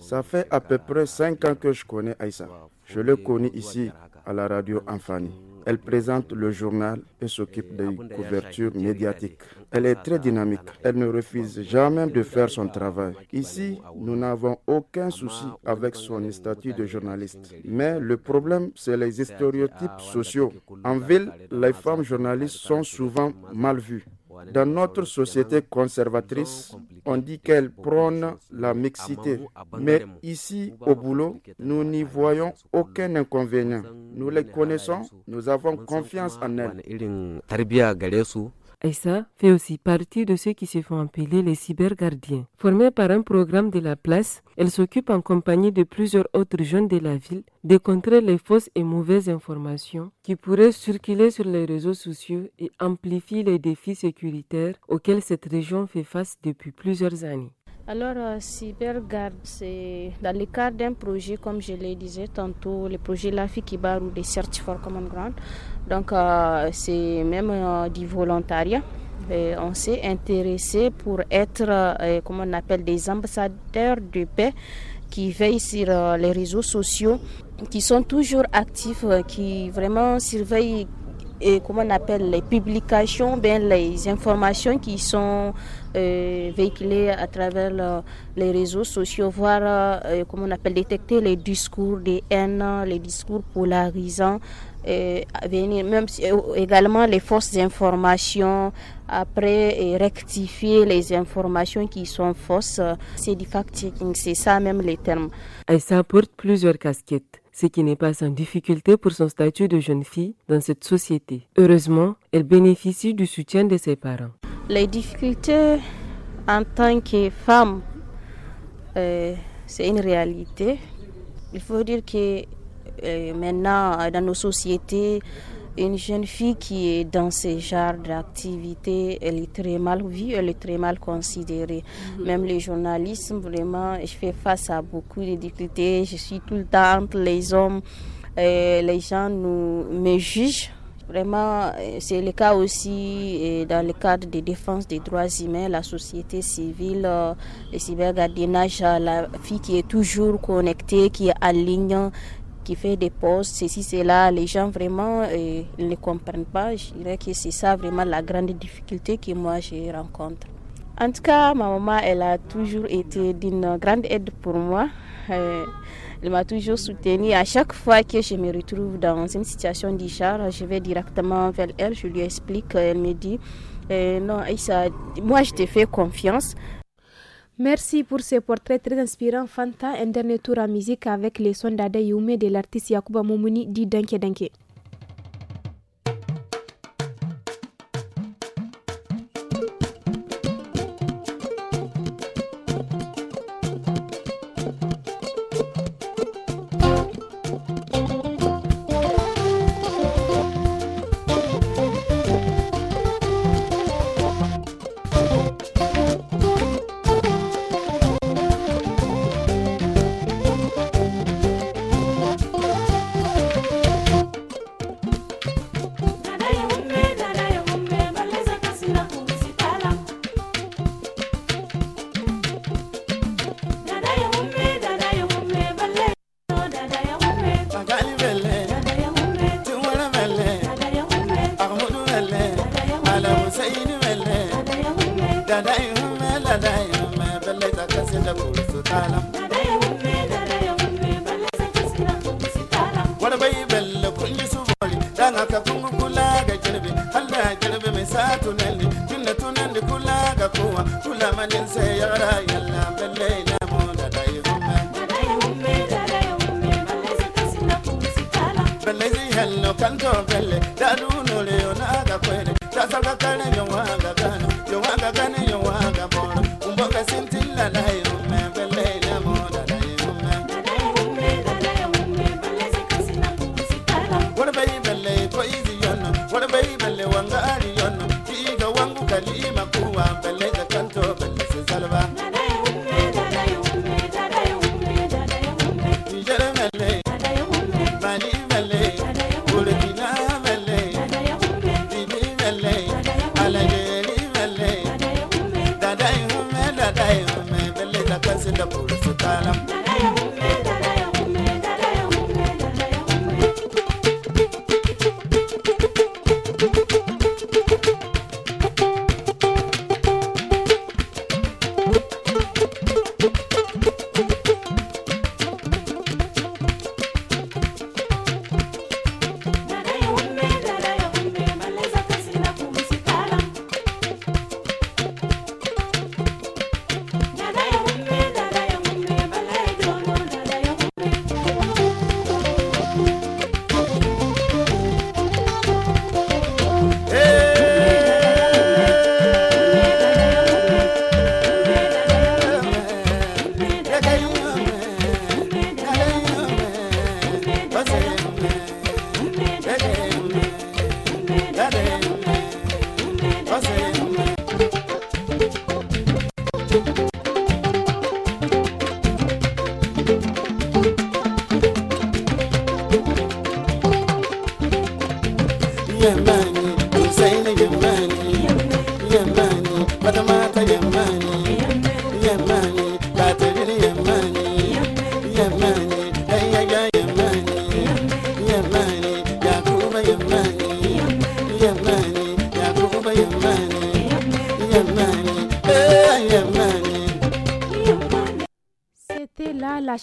Ça fait à peu près cinq ans que je connais Aïssa. Je le connais ici à la radio Amphani. Elle présente le journal et s'occupe des couvertures médiatiques. Elle est très dynamique. Elle ne refuse jamais de faire son travail. Ici, nous n'avons aucun souci avec son statut de journaliste. Mais le problème, c'est les stéréotypes ah, sociaux. En ville, les femmes journalistes sont souvent mal vues. Dans notre société conservatrice, on dit qu'elle prône la mixité. Mais ici, au boulot, nous n'y voyons aucun inconvénient. Nous les connaissons, nous avons confiance en elles. Aïssa fait aussi partie de ceux qui se font appeler les cybergardiens. Formée par un programme de la place, elle s'occupe en compagnie de plusieurs autres jeunes de la ville de contrer les fausses et mauvaises informations qui pourraient circuler sur les réseaux sociaux et amplifier les défis sécuritaires auxquels cette région fait face depuis plusieurs années. Alors, euh, CyberGuard, c'est dans le cadre d'un projet, comme je le disais tantôt, le projet La ou des Search for Common Ground. Donc, euh, c'est même euh, du volontariat. on s'est intéressé pour être, comme on appelle, des ambassadeurs de paix qui veillent sur les réseaux sociaux, qui sont toujours actifs, qui vraiment surveillent et comment on appelle les publications, ben les informations qui sont euh, véhiculées à travers euh, les réseaux sociaux, voir euh, euh, comment on appelle détecter les discours des haines, les discours polarisants, et venir même également les fausses informations, après rectifier les informations qui sont fausses. C'est du fact-checking, c'est ça même les termes. Et ça porte plusieurs casquettes ce qui n'est pas sans difficulté pour son statut de jeune fille dans cette société. Heureusement, elle bénéficie du soutien de ses parents. Les difficultés en tant que femme, euh, c'est une réalité. Il faut dire que euh, maintenant, dans nos sociétés, une jeune fille qui est dans ce genre d'activité, elle est très mal vue, elle est très mal considérée. Mhm. Même les journalisme, vraiment, je fais face à beaucoup de difficultés. Je suis tout le temps entre les hommes. Et les gens nous, me jugent vraiment, euh, c'est le cas aussi euh, dans le cadre des défense des droits humains, la société civile, euh, le cybergardiennage, la fille qui est toujours connectée, qui est en qui fait des pauses, ceci, cela, les gens vraiment euh, ne comprennent pas. Je dirais que c'est ça vraiment la grande difficulté que moi je rencontre. En tout cas, ma maman, elle a toujours été d'une grande aide pour moi. Euh, elle m'a toujours soutenue. À chaque fois que je me retrouve dans une situation d'Ichar, je vais directement vers elle, je lui explique. Elle me dit euh, Non, moi je te fais confiance. Merci pour ce portrait très inspirant, Fanta. Un dernier tour à musique avec les sons d'Ade de l'artiste Yakuba Moumouni dit Danké Danké.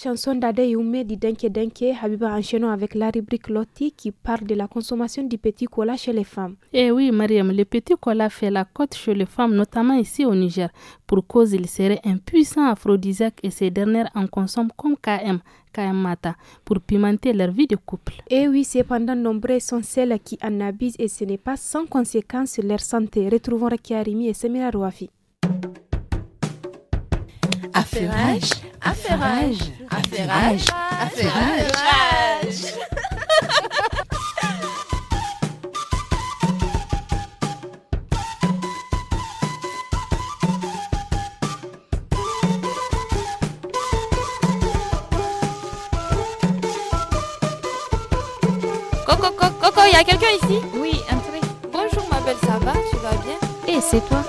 chanson d'Ade Yume Denke Denke, Habiba enchaînant avec la rubrique Loti qui parle de la consommation du petit cola chez les femmes. Eh oui, Mariam, le petit cola fait la cote chez les femmes, notamment ici au Niger. Pour cause, il serait un puissant aphrodisiaque et ces dernières en consomment comme KM, KM Mata pour pimenter leur vie de couple. Eh oui, cependant, nombreux sont celles qui en abusent et ce n'est pas sans conséquence sur leur santé. Retrouvons Raki et Semira Rouafi. Affairage, affairage, affairage, affairage. Coco, Coco, il y a quelqu'un ici Oui, un truc. Bonjour ma belle, ça va Tu vas bien Et c'est toi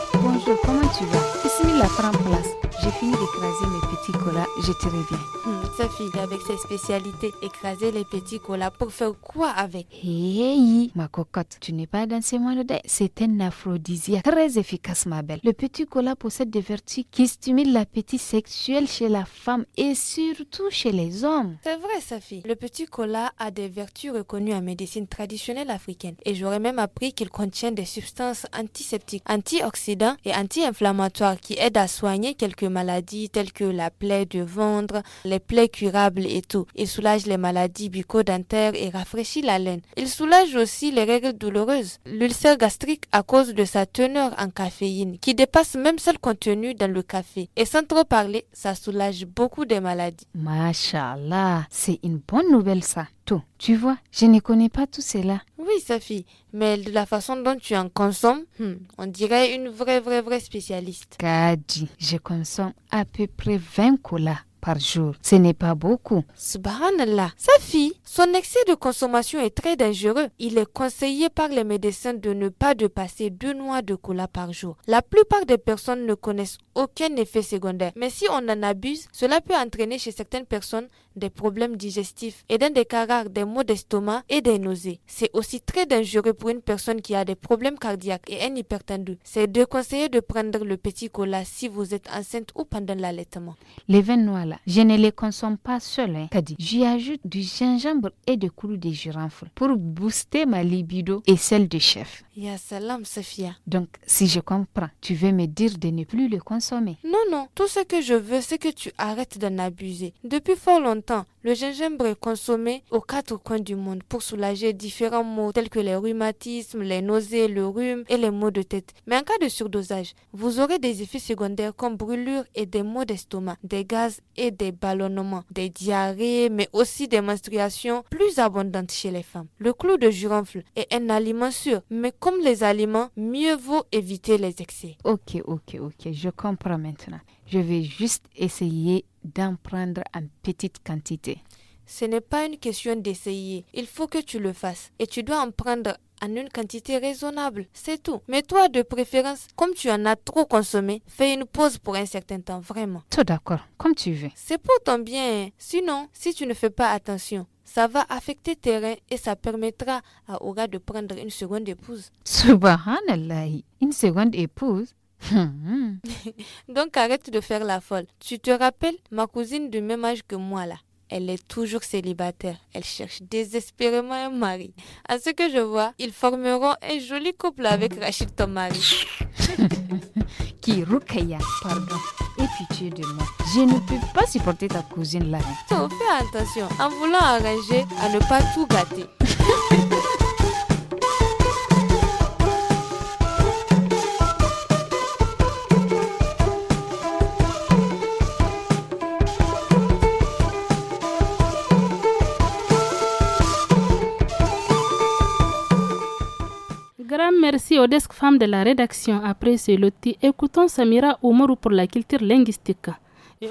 fini d'écraser mes petits colas, je te reviens. Sa fille avec ses spécialités, écraser les petits colas pour faire quoi avec Hey, ma cocotte, tu n'es pas dans ces monde C'est un aphrodisiaque très efficace, ma belle. Le petit cola possède des vertus qui stimulent l'appétit sexuel chez la femme et surtout chez les hommes. C'est vrai, sa fille. Le petit cola a des vertus reconnues en médecine traditionnelle africaine. Et j'aurais même appris qu'il contient des substances antiseptiques, antioxydants et anti-inflammatoires qui aident à soigner quelques maladies telles que la plaie de ventre, les plaies curable et tout. Il soulage les maladies bucco-dentaires et rafraîchit la laine. Il soulage aussi les règles douloureuses. L'ulcère gastrique à cause de sa teneur en caféine qui dépasse même celle contenue dans le café. Et sans trop parler, ça soulage beaucoup de maladies. Mashallah, c'est une bonne nouvelle ça. Tout. Tu vois, je ne connais pas tout cela. Oui, Safi, mais de la façon dont tu en consommes, hmm, on dirait une vraie, vraie, vraie spécialiste. Kadi, je consomme à peu près 20 colas jour. Ce n'est pas beaucoup. Subhanallah, sa fille, son excès de consommation est très dangereux. Il est conseillé par les médecins de ne pas passer deux noix de cola par jour. La plupart des personnes ne connaissent aucun effet secondaire. Mais si on en abuse, cela peut entraîner chez certaines personnes des problèmes digestifs et dans des cas rares des maux d'estomac et des nausées. C'est aussi très dangereux pour une personne qui a des problèmes cardiaques et un hypertendu. C'est de conseiller de prendre le petit cola si vous êtes enceinte ou pendant l'allaitement. Les vins noirs là, je ne les consomme pas seuls. Hein, J'y ajoute du gingembre et du coulou de girofle pour booster ma libido et celle du chef. Ya Sofia. Donc si je comprends, tu veux me dire de ne plus le consommer non, non. Tout ce que je veux, c'est que tu arrêtes d'en abuser. Depuis fort longtemps, le gingembre est consommé aux quatre coins du monde pour soulager différents maux tels que les rhumatismes, les nausées, le rhume et les maux de tête. Mais en cas de surdosage, vous aurez des effets secondaires comme brûlures et des maux d'estomac, des gaz et des ballonnements, des diarrhées, mais aussi des menstruations plus abondantes chez les femmes. Le clou de girofle est un aliment sûr, mais comme les aliments, mieux vaut éviter les excès. Ok, ok, ok, je comprends maintenant. Je vais juste essayer d'en prendre en petite quantité. Ce n'est pas une question d'essayer. Il faut que tu le fasses. Et tu dois en prendre en une quantité raisonnable. C'est tout. Mais toi, de préférence, comme tu en as trop consommé, fais une pause pour un certain temps, vraiment. Tout d'accord, comme tu veux. C'est pour ton bien. Sinon, si tu ne fais pas attention, ça va affecter tes reins et ça permettra à Aura de prendre une seconde épouse. Subhanallah, une seconde épouse [laughs] Donc arrête de faire la folle. Tu te rappelles, ma cousine du même âge que moi là, elle est toujours célibataire. Elle cherche désespérément un mari. À ce que je vois, ils formeront un joli couple avec Rachid, ton mari. [laughs] Qui Rukaya, pardon. Et pitié de moi. Je ne peux pas supporter ta cousine là. fais attention. En voulant arranger, à ne pas tout gâter. [laughs] Rodesque, femme de la rédaction, après ce loti, écoutons Samira Oumarou pour la culture linguistique.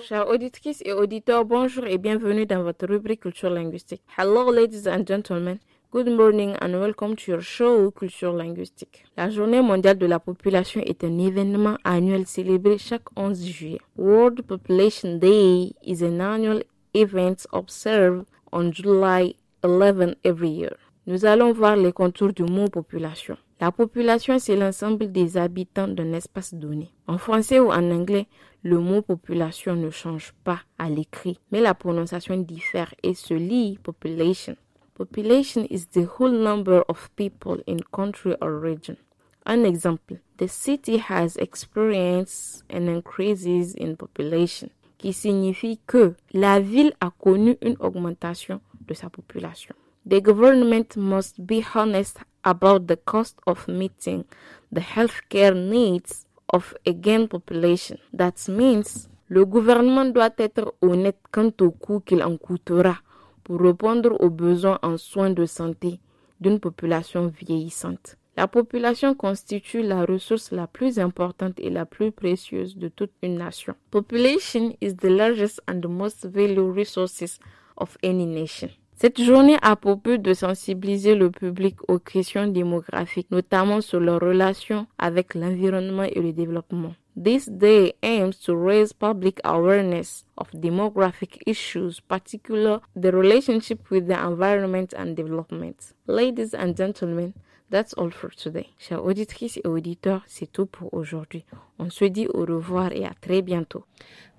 Chers auditrices et auditeurs, bonjour et bienvenue dans votre rubrique culture linguistique. Hello, ladies and gentlemen. Good morning and welcome to your show Culture Linguistique. La journée mondiale de la population est un événement annuel célébré chaque 11 juillet. World Population Day is an annual event observed on July 11 every year. Nous allons voir les contours du mot population. La population, c'est l'ensemble des habitants d'un espace donné. En français ou en anglais, le mot population ne change pas à l'écrit, mais la prononciation diffère et se lit population. Population is the whole number of people in country or region. Un exemple, the city has experienced an increase in population, qui signifie que la ville a connu une augmentation de sa population. The government must be honest about the cost of meeting the needs of a population. That means le gouvernement doit être honnête quant au coût qu'il en coûtera pour répondre aux besoins en soins de santé d'une population vieillissante. La population constitue la ressource la plus importante et la plus précieuse de toute une nation. Population is the largest and the most valuable resources of any nation. Cette journée a pour but de sensibiliser le public aux questions démographiques, notamment sur leur relation avec l'environnement et le développement. This day aims to raise public awareness of demographic issues, particularly the relationship with the environment and development. Ladies and gentlemen, That's all for today. Chers auditrices et auditeurs, c'est tout pour aujourd'hui. On se dit au revoir et à très bientôt.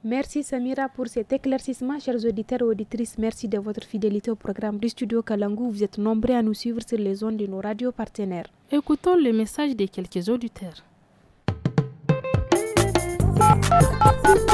Merci Samira pour cet éclaircissement. Chers auditeurs et auditrices, merci de votre fidélité au programme du studio Kalangu. Vous êtes nombreux à nous suivre sur les zones de nos radios partenaires. Écoutons le message de quelques auditeurs.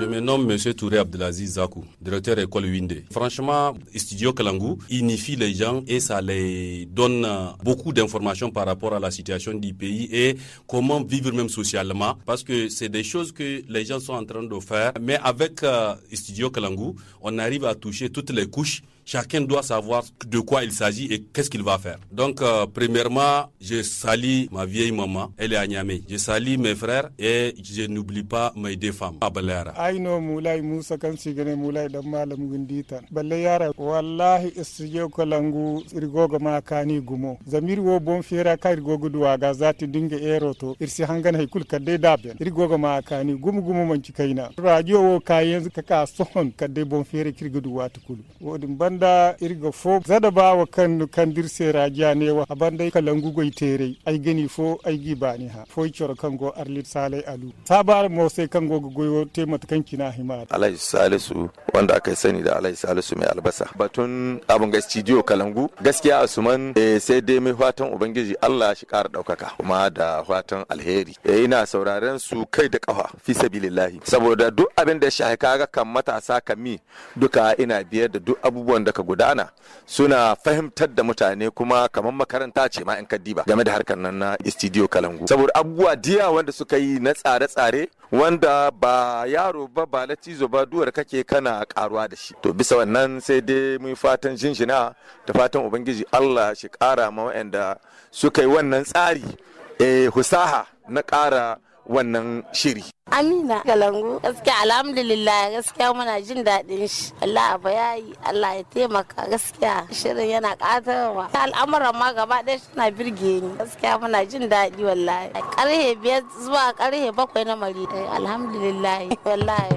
Je me nomme M. Touré Abdelaziz Zakou, directeur école Windé. Franchement, Studio Kalangu unifie les gens et ça les donne euh, beaucoup d'informations par rapport à la situation du pays et comment vivre même socialement parce que c'est des choses que les gens sont en train de faire. Mais avec euh, Studio Kalangu, on arrive à toucher toutes les couches chacun doit savoir de quoi il s'agit et qu'est-ce qu'il va faire. Donc, euh, premièrement, je salue ma vieille maman, elle est à Niamey. Je salue mes frères et je n'oublie pas mes deux femmes. Abalera. Ah, Aino mulai Musa kan sigane mulai da malam ginditan. Balle wallahi istige kolangu irgogo makani gumo. Zamir wo bon fiera ka irgogo duwa ga zati dinga eroto irsi hangana hay kul kadde daben. Irgogo ma kani gumo gumu man cikaina. Radio wo kayen ka ka sohon kadde bon fiera kirgudu watukulu. Wodin ban banda irga fo zada bawa kan wa a janewa abanda kalangu goi tere ai gani fo ay bani ha fo coro kango arlit sale alu sabar mo sai kango goyo te kan kina hima alai salisu wanda aka sani da alai salisu mai albasa batun abun ga studio kalangu gaskiya asuman eh, sai dai mai fatan ubangiji Allah shi kara daukaka kuma da fatan alheri eh, ina sauraren su kai da kafa fi sabilillahi saboda duk abin da shi kaga kan matasa kami duka ina biyar da duk abubuwan abubuwan da ka gudana suna fahimtar da mutane kuma kamar makaranta ce ma 'yan kaddiba game da harkar nan na studio kalangu saboda abubuwa diya wanda suka yi na tsare-tsare wanda ba yaro ba ba latizo ba duwar kake kana karuwa da shi to bisa wannan sai dai mun fatan jinjina da fatan ubangiji allah shi kara ma wayanda suka yi wannan tsari eh husaha na kara wannan shiri. Amina Galangu gaskiya alhamdulillah gaskiya muna jin daɗin shi Allah a yi Allah ya taimaka gaskiya shirin yana ƙatarwa al'amuran ma gaba ɗaya suna birge ni gaskiya muna jin daɗi wallahi ƙarhe biyar zuwa ƙarhe bakwai na mari alhamdulillah wallahi.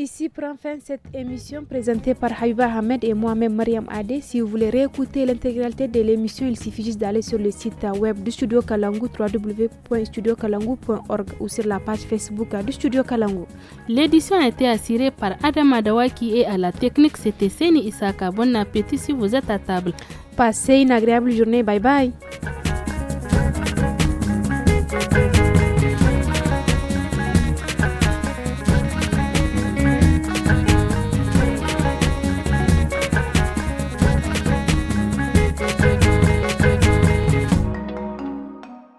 Ici prend fin cette émission présentée par Haïba Ahmed et moi-même Mariam Adé. Si vous voulez réécouter l'intégralité de l'émission, il suffit juste d'aller sur le site web du Studio Kalangu www.studiokalangu.org ou sur la page Facebook du Studio Kalangu. L'édition a été assurée par Adam Adawa qui est à la technique. C'était Seni Isaka. Bon appétit si vous êtes à table. Passez une agréable journée. Bye bye.